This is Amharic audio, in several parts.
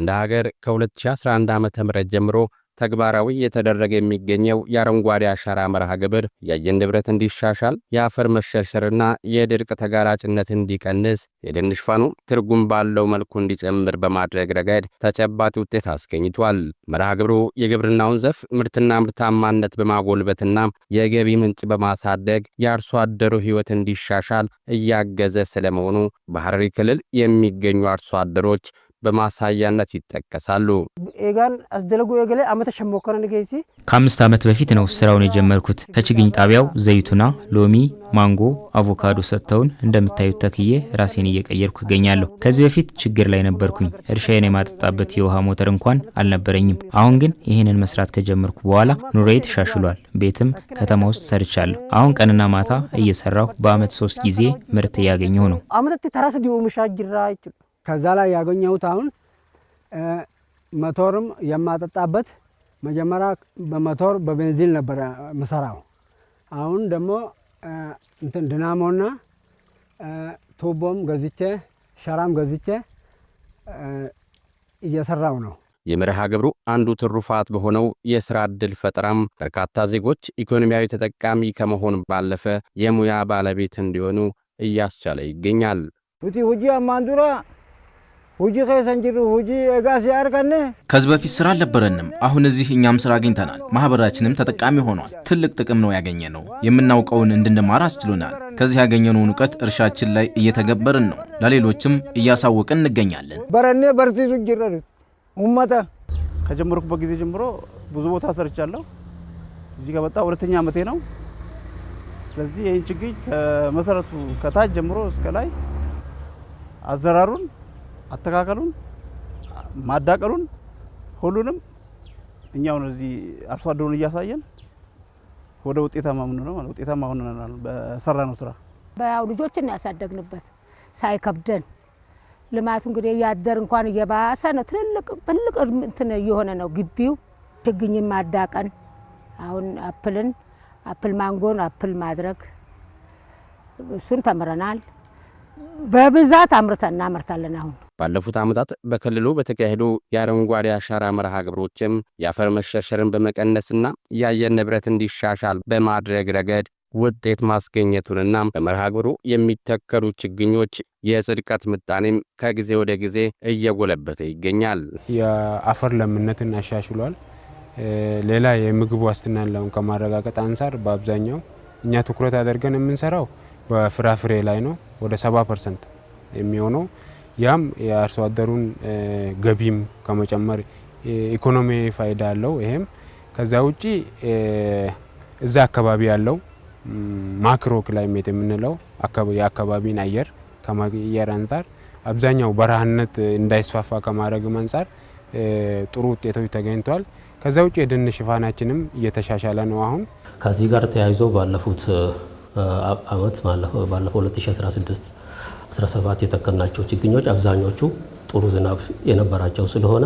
እንደ ሀገር ከ2011 ዓ ም ጀምሮ ተግባራዊ እየተደረገ የሚገኘው የአረንጓዴ አሻራ መርሃ ግብር የአየር ንብረት እንዲሻሻል፣ የአፈር መሸርሸርና የድርቅ ተጋላጭነት እንዲቀንስ፣ የደን ሽፋኑ ትርጉም ባለው መልኩ እንዲጨምር በማድረግ ረገድ ተጨባጭ ውጤት አስገኝቷል። መርሃ ግብሩ የግብርናውን ዘርፍ ምርትና ምርታማነት በማጎልበትና የገቢ ምንጭ በማሳደግ የአርሶ አደሩ ሕይወት እንዲሻሻል እያገዘ ስለመሆኑ በሐረሪ ክልል የሚገኙ አርሶ አደሮች በማሳያነት ይጠቀሳሉ። ኤጋን አስደለጉ የገለ አመተ ሸሞከረ ንገይሲ ከአምስት ዓመት በፊት ነው ስራውን የጀመርኩት። ከችግኝ ጣቢያው ዘይቱና፣ ሎሚ፣ ማንጎ፣ አቮካዶ ሰጥተውን እንደምታዩት ተክዬ ራሴን እየቀየርኩ እገኛለሁ። ከዚህ በፊት ችግር ላይ ነበርኩኝ። እርሻዬን የማጠጣበት የውሃ ሞተር እንኳን አልነበረኝም። አሁን ግን ይህንን መስራት ከጀመርኩ በኋላ ኑሮዬ ተሻሽሏል። ቤትም ከተማ ውስጥ ሰርቻለሁ። አሁን ቀንና ማታ እየሰራሁ በአመት ሶስት ጊዜ ምርት እያገኘሁ ነው። አመት ተራስ ምሻ ጅራ ከዛ ላይ ያገኘሁት አሁን መቶርም የማጠጣበት መጀመሪያ በመቶር በቤንዚን ነበረ ምሰራው። አሁን ደግሞ እንትን ድናሞና ቱቦም ገዝቼ ሸራም ገዝቼ እየሰራው ነው። የመርሃ ግብሩ አንዱ ትሩፋት በሆነው የስራ ዕድል ፈጠራም በርካታ ዜጎች ኢኮኖሚያዊ ተጠቃሚ ከመሆን ባለፈ የሙያ ባለቤት እንዲሆኑ እያስቻለ ይገኛል። ሁጂ ከሰንጅሩ ሁጂ ጋ ሲያርቀን ከዚህ በፊት ስራ አልነበረንም። አሁን እዚህ እኛም ስራ አግኝተናል። ማህበራችንም ተጠቃሚ ሆኗል። ትልቅ ጥቅም ነው ያገኘ ነው። የምናውቀውን እንድንማር አስችሎናል። ከዚህ ያገኘነውን እውቀት እርሻችን ላይ እየተገበርን ነው። ለሌሎችም እያሳወቅን እንገኛለን። በረኔ በርቲ ጅረር ሙመታ ከጀመርኩበት ጊዜ ጀምሮ ብዙ ቦታ ሰርቻለሁ። እዚህ ከመጣ ሁለተኛ ዓመቴ ነው። ስለዚህ ይህን ችግኝ ከመሰረቱ ከታች ጀምሮ እስከ ላይ አዘራሩን አተካከሉን፣ ማዳቀሉን ሁሉንም እኛውን እዚህ አርሶ አደሩን እያሳየን ወደ ውጤታማ ምን ነው ማለት ውጤታማ ሆነናል። በሰራ ነው ስራ በያው ልጆችን ያሳደግንበት ሳይከብደን ልማቱ እንግዲህ ያደር እንኳን እየባሰ ነው። ትልልቅ ትልቅ እንትን እየሆነ ነው ግቢው። ችግኝን ማዳቀን አሁን አፕልን አፕል ማንጎን አፕል ማድረግ እሱን ተምረናል። በብዛት አምርተን እናመርታለን አሁን ባለፉት ዓመታት በክልሉ በተካሄዱ የአረንጓዴ አሻራ መርሃ ግብሮችም የአፈር መሸርሸርን በመቀነስና የአየር ንብረት እንዲሻሻል በማድረግ ረገድ ውጤት ማስገኘቱንና በመርሃ ግብሩ የሚተከሉ ችግኞች የጽድቀት ምጣኔም ከጊዜ ወደ ጊዜ እየጎለበተ ይገኛል። የአፈር ለምነትን አሻሽሏል። ሌላ የምግብ ዋስትናን ለውን ከማረጋገጥ አንጻር በአብዛኛው እኛ ትኩረት አድርገን የምንሰራው በፍራፍሬ ላይ ነው። ወደ 70 ፐርሰንት የሚሆነው ያም የአርሶ አደሩን ገቢም ከመጨመር ኢኮኖሚ ፋይዳ አለው። ይሄም ከዛ ውጪ እዛ አካባቢ ያለው ማክሮ ክላይሜት የምንለው የአካባቢን አየር ከመቀየር አንጻር አብዛኛው በረሃነት እንዳይስፋፋ ከማድረግም አንጻር ጥሩ ውጤቶች ተገኝቷል። ከዛ ውጭ የደን ሽፋናችንም እየተሻሻለ ነው። አሁን ከዚህ ጋር ተያይዞ ባለፉት አመት ባለፈው 2016 17 የተከልናቸው ችግኞች አብዛኞቹ ጥሩ ዝናብ የነበራቸው ስለሆነ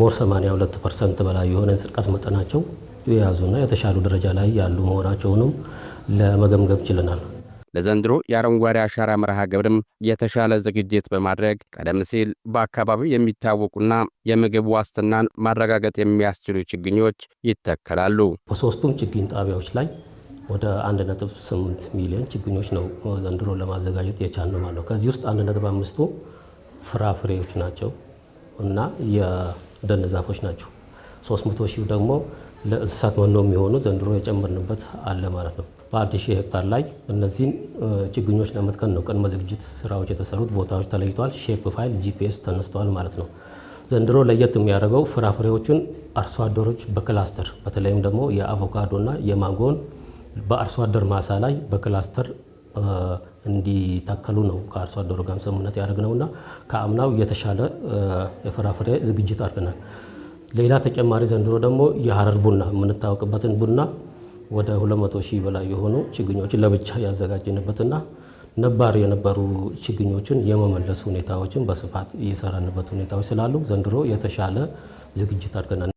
ሞር 82 ፐርሰንት በላይ የሆነ ስርቀት መጠናቸው የያዙና የተሻሉ ደረጃ ላይ ያሉ መሆናቸውንም ለመገምገም ችለናል። ለዘንድሮ የአረንጓዴ አሻራ መርሃ ግብርም የተሻለ ዝግጅት በማድረግ ቀደም ሲል በአካባቢው የሚታወቁና የምግብ ዋስትናን ማረጋገጥ የሚያስችሉ ችግኞች ይተከላሉ። በሶስቱም ችግኝ ጣቢያዎች ላይ ወደ 1.8 ሚሊዮን ችግኞች ነው ዘንድሮ ለማዘጋጀት የቻልነው ማለት ነው። ከዚህ ውስጥ 1.5ቱ ፍራፍሬዎች ናቸው እና የደን ዛፎች ናቸው። 300 ሺህ ደግሞ ለእንስሳት መኖ የሚሆኑ ዘንድሮ የጨመርንበት አለ ማለት ነው። በአንድ ሺህ ሄክታር ላይ እነዚህን ችግኞች ለመትከል ነው ቅድመ ዝግጅት ስራዎች የተሰሩት። ቦታዎች ተለይቷል። ሼፕ ፋይል፣ ጂፒኤስ ተነስተዋል ማለት ነው። ዘንድሮ ለየት የሚያደርገው ፍራፍሬዎቹን አርሶ አደሮች በክላስተር በተለይም ደግሞ የአቮካዶና የማንጎን በአርሶ አደር ማሳ ላይ በክላስተር እንዲተከሉ ነው ከአርሶ አደሩ ጋር ስምምነት ያደረግነውና ከአምናው የተሻለ የፍራፍሬ ዝግጅት አድርገናል። ሌላ ተጨማሪ ዘንድሮ ደግሞ የሀረር ቡና የምንታወቅበትን ቡና ወደ 200 ሺህ በላይ የሆኑ ችግኞችን ለብቻ ያዘጋጅንበትና ነባር የነበሩ ችግኞችን የመመለስ ሁኔታዎችን በስፋት እየሰራንበት ሁኔታዎች ስላሉ ዘንድሮ የተሻለ ዝግጅት አድርገናል።